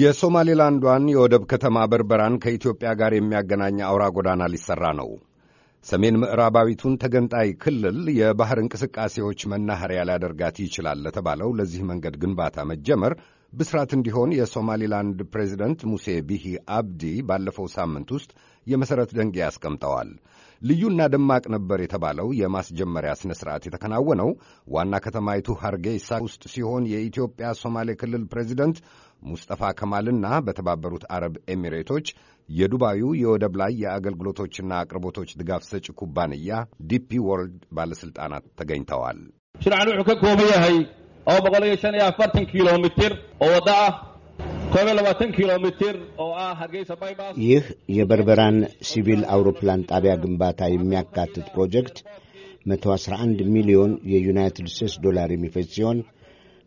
የሶማሌላንዷን የወደብ ከተማ በርበራን ከኢትዮጵያ ጋር የሚያገናኝ አውራ ጎዳና ሊሠራ ነው። ሰሜን ምዕራባዊቱን ተገንጣይ ክልል የባሕር እንቅስቃሴዎች መናኸሪያ ሊያደርጋት ይችላል ለተባለው ለዚህ መንገድ ግንባታ መጀመር ብስራት እንዲሆን የሶማሊላንድ ፕሬዚደንት ሙሴ ቢሂ አብዲ ባለፈው ሳምንት ውስጥ የመሠረት ደንጌ አስቀምጠዋል። ልዩና ደማቅ ነበር የተባለው የማስጀመሪያ ሥነ ሥርዓት የተከናወነው ዋና ከተማይቱ ሐርጌሳ ውስጥ ሲሆን የኢትዮጵያ ሶማሌ ክልል ፕሬዚደንት ሙስጠፋ ከማልና በተባበሩት አረብ ኤሚሬቶች የዱባዩ የወደብ ላይ የአገልግሎቶችና አቅርቦቶች ድጋፍ ሰጪ ኩባንያ ዲፒ ወርልድ ባለሥልጣናት ተገኝተዋል። oo boqol iyo shan iyo afartan kilomitir oo wada ah koob iyo labaatan kilomitir oo ah hargeysa bybas ይህ የበርበራን ሲቪል አውሮፕላን ጣቢያ ግንባታ የሚያካትት ፕሮጀክት መቶ አስራ አንድ ሚሊዮን የዩናይትድ ስቴትስ ዶላር የሚፈጅ ሲሆን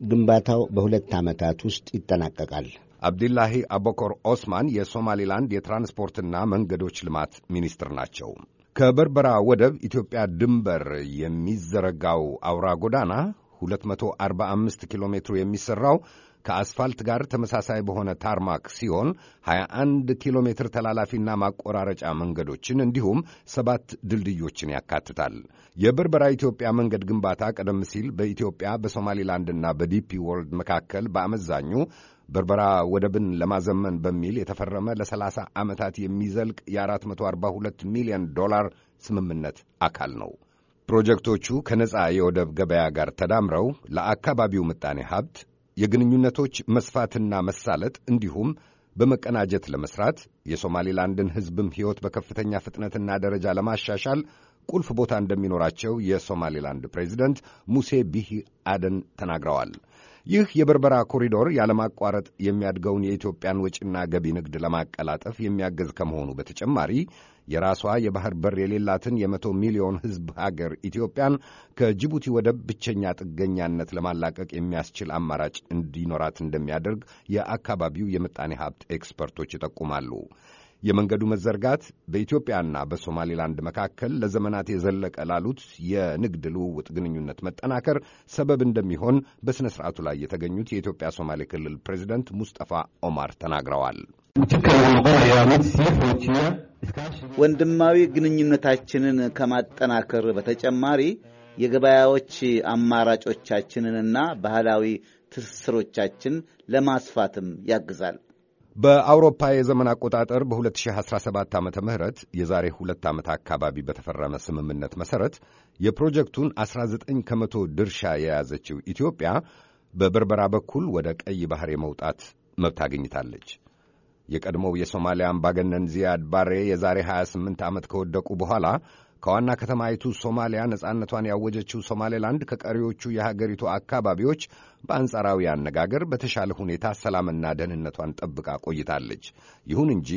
ግንባታው በሁለት ዓመታት ውስጥ ይጠናቀቃል። አብዲላሂ አቦኮር ኦስማን የሶማሊላንድ የትራንስፖርትና መንገዶች ልማት ሚኒስትር ናቸው። ከበርበራ ወደብ ኢትዮጵያ ድንበር የሚዘረጋው አውራ ጎዳና 245 ኪሎ ሜትሩ የሚሠራው ከአስፋልት ጋር ተመሳሳይ በሆነ ታርማክ ሲሆን 21 ኪሎ ሜትር ተላላፊና ማቆራረጫ መንገዶችን እንዲሁም ሰባት ድልድዮችን ያካትታል። የበርበራ ኢትዮጵያ መንገድ ግንባታ ቀደም ሲል በኢትዮጵያ በሶማሊላንድና በዲፒ ወርልድ መካከል በአመዛኙ በርበራ ወደብን ለማዘመን በሚል የተፈረመ ለ30 ዓመታት የሚዘልቅ የ442 ሚሊዮን ዶላር ስምምነት አካል ነው። ፕሮጀክቶቹ ከነፃ የወደብ ገበያ ጋር ተዳምረው ለአካባቢው ምጣኔ ሀብት የግንኙነቶች መስፋትና መሳለጥ እንዲሁም በመቀናጀት ለመስራት የሶማሌላንድን ሕዝብም ሕይወት በከፍተኛ ፍጥነትና ደረጃ ለማሻሻል ቁልፍ ቦታ እንደሚኖራቸው የሶማሌላንድ ፕሬዚደንት ሙሴ ቢሂ አደን ተናግረዋል። ይህ የበርበራ ኮሪዶር ያለማቋረጥ የሚያድገውን የኢትዮጵያን ወጪና ገቢ ንግድ ለማቀላጠፍ የሚያገዝ ከመሆኑ በተጨማሪ የራሷ የባህር በር የሌላትን የመቶ ሚሊዮን ሕዝብ ሀገር ኢትዮጵያን ከጅቡቲ ወደብ ብቸኛ ጥገኛነት ለማላቀቅ የሚያስችል አማራጭ እንዲኖራት እንደሚያደርግ የአካባቢው የምጣኔ ሀብት ኤክስፐርቶች ይጠቁማሉ። የመንገዱ መዘርጋት በኢትዮጵያና በሶማሌላንድ መካከል ለዘመናት የዘለቀ ላሉት የንግድ ልውውጥ ግንኙነት መጠናከር ሰበብ እንደሚሆን በሥነ ሥርዓቱ ላይ የተገኙት የኢትዮጵያ ሶማሌ ክልል ፕሬዚደንት ሙስጠፋ ኦማር ተናግረዋል። ወንድማዊ ግንኙነታችንን ከማጠናከር በተጨማሪ የገበያዎች አማራጮቻችንንና ባህላዊ ትስስሮቻችን ለማስፋትም ያግዛል። በአውሮፓ የዘመን አቆጣጠር በ2017 ዓ ም የዛሬ ሁለት ዓመት አካባቢ በተፈረመ ስምምነት መሠረት የፕሮጀክቱን 19 ከመቶ ድርሻ የያዘችው ኢትዮጵያ በበርበራ በኩል ወደ ቀይ ባሕር የመውጣት መብት አግኝታለች። የቀድሞው የሶማሊያ አምባገነን ዚያድ ባሬ የዛሬ 28 ዓመት ከወደቁ በኋላ ከዋና ከተማይቱ ሶማሊያ ነጻነቷን ያወጀችው ሶማሌላንድ ከቀሪዎቹ የሀገሪቱ አካባቢዎች በአንጻራዊ አነጋገር በተሻለ ሁኔታ ሰላምና ደህንነቷን ጠብቃ ቆይታለች። ይሁን እንጂ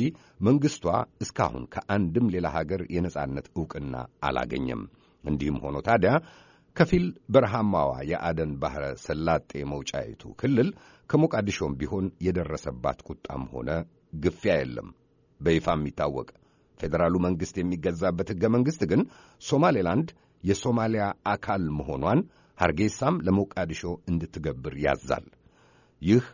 መንግሥቷ እስካሁን ከአንድም ሌላ ሀገር የነጻነት ዕውቅና አላገኘም። እንዲህም ሆኖ ታዲያ ከፊል በረሃማዋ የአደን ባሕረ ሰላጤ መውጫይቱ ክልል ከሞቃዲሾም ቢሆን የደረሰባት ቁጣም ሆነ ግፊያ የለም በይፋ የሚታወቅ ፌዴራሉ መንግሥት የሚገዛበት ሕገ መንግሥት ግን ሶማሌላንድ የሶማሊያ አካል መሆኗን ሐርጌሳም ለሞቃዲሾ እንድትገብር ያዛል። ይህ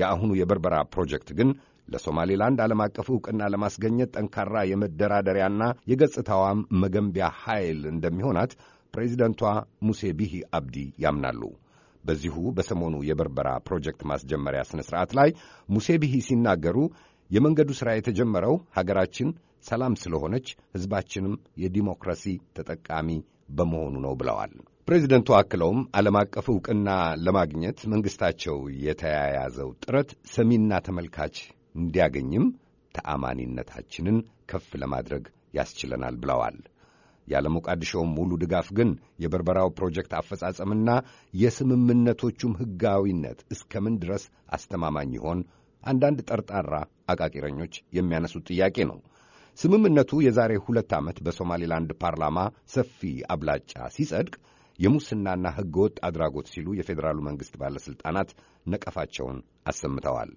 የአሁኑ የበርበራ ፕሮጀክት ግን ለሶማሌላንድ ዓለም አቀፍ ዕውቅና ለማስገኘት ጠንካራ የመደራደሪያና የገጽታዋም መገንቢያ ኃይል እንደሚሆናት ፕሬዚደንቷ ሙሴ ቢሂ አብዲ ያምናሉ። በዚሁ በሰሞኑ የበርበራ ፕሮጀክት ማስጀመሪያ ሥነ ሥርዓት ላይ ሙሴ ቢሂ ሲናገሩ የመንገዱ ሥራ የተጀመረው ሀገራችን ሰላም ስለሆነች ሕዝባችንም የዲሞክራሲ ተጠቃሚ በመሆኑ ነው ብለዋል። ፕሬዚደንቱ አክለውም ዓለም አቀፍ ዕውቅና ለማግኘት መንግሥታቸው የተያያዘው ጥረት ሰሚና ተመልካች እንዲያገኝም ተአማኒነታችንን ከፍ ለማድረግ ያስችለናል ብለዋል። ያለ ሙሉ ድጋፍ ግን የበርበራው ፕሮጀክት አፈጻጸምና የስምምነቶቹም ሕጋዊነት እስከምን ድረስ አስተማማኝ ይሆን አንዳንድ ጠርጣራ አቃቂረኞች የሚያነሱት ጥያቄ ነው። ስምምነቱ የዛሬ ሁለት ዓመት በሶማሌላንድ ፓርላማ ሰፊ አብላጫ ሲጸድቅ የሙስናና ሕገወጥ አድራጎት ሲሉ የፌዴራሉ መንግሥት ባለሥልጣናት ነቀፋቸውን አሰምተዋል።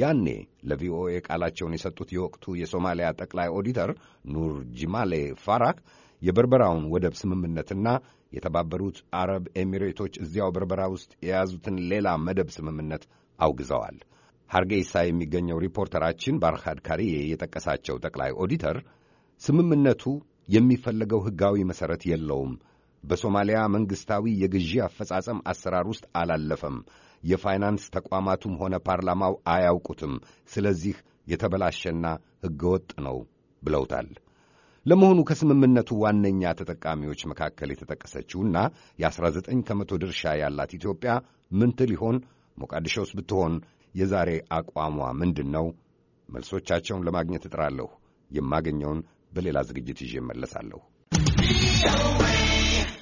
ያኔ ለቪኦኤ ቃላቸውን የሰጡት የወቅቱ የሶማሊያ ጠቅላይ ኦዲተር ኑር ጂማሌ ፋራክ የበርበራውን ወደብ ስምምነትና የተባበሩት አረብ ኤሚሬቶች እዚያው በርበራ ውስጥ የያዙትን ሌላ መደብ ስምምነት አውግዘዋል። ሐርጌሳ የሚገኘው ሪፖርተራችን ባርሃድ ካሪዬ የጠቀሳቸው ጠቅላይ ኦዲተር ስምምነቱ የሚፈለገው ሕጋዊ መሠረት የለውም፣ በሶማሊያ መንግሥታዊ የግዢ አፈጻጸም አሰራር ውስጥ አላለፈም፣ የፋይናንስ ተቋማቱም ሆነ ፓርላማው አያውቁትም፣ ስለዚህ የተበላሸና ሕገወጥ ነው ብለውታል። ለመሆኑ ከስምምነቱ ዋነኛ ተጠቃሚዎች መካከል የተጠቀሰችውና የ19 ከመቶ ድርሻ ያላት ኢትዮጵያ ምንት ሊሆን ሞቃዲሾስ ብትሆን የዛሬ አቋሟ ምንድን ነው? መልሶቻቸውን ለማግኘት እጥራለሁ። የማገኘውን በሌላ ዝግጅት ይዤ እመለሳለሁ።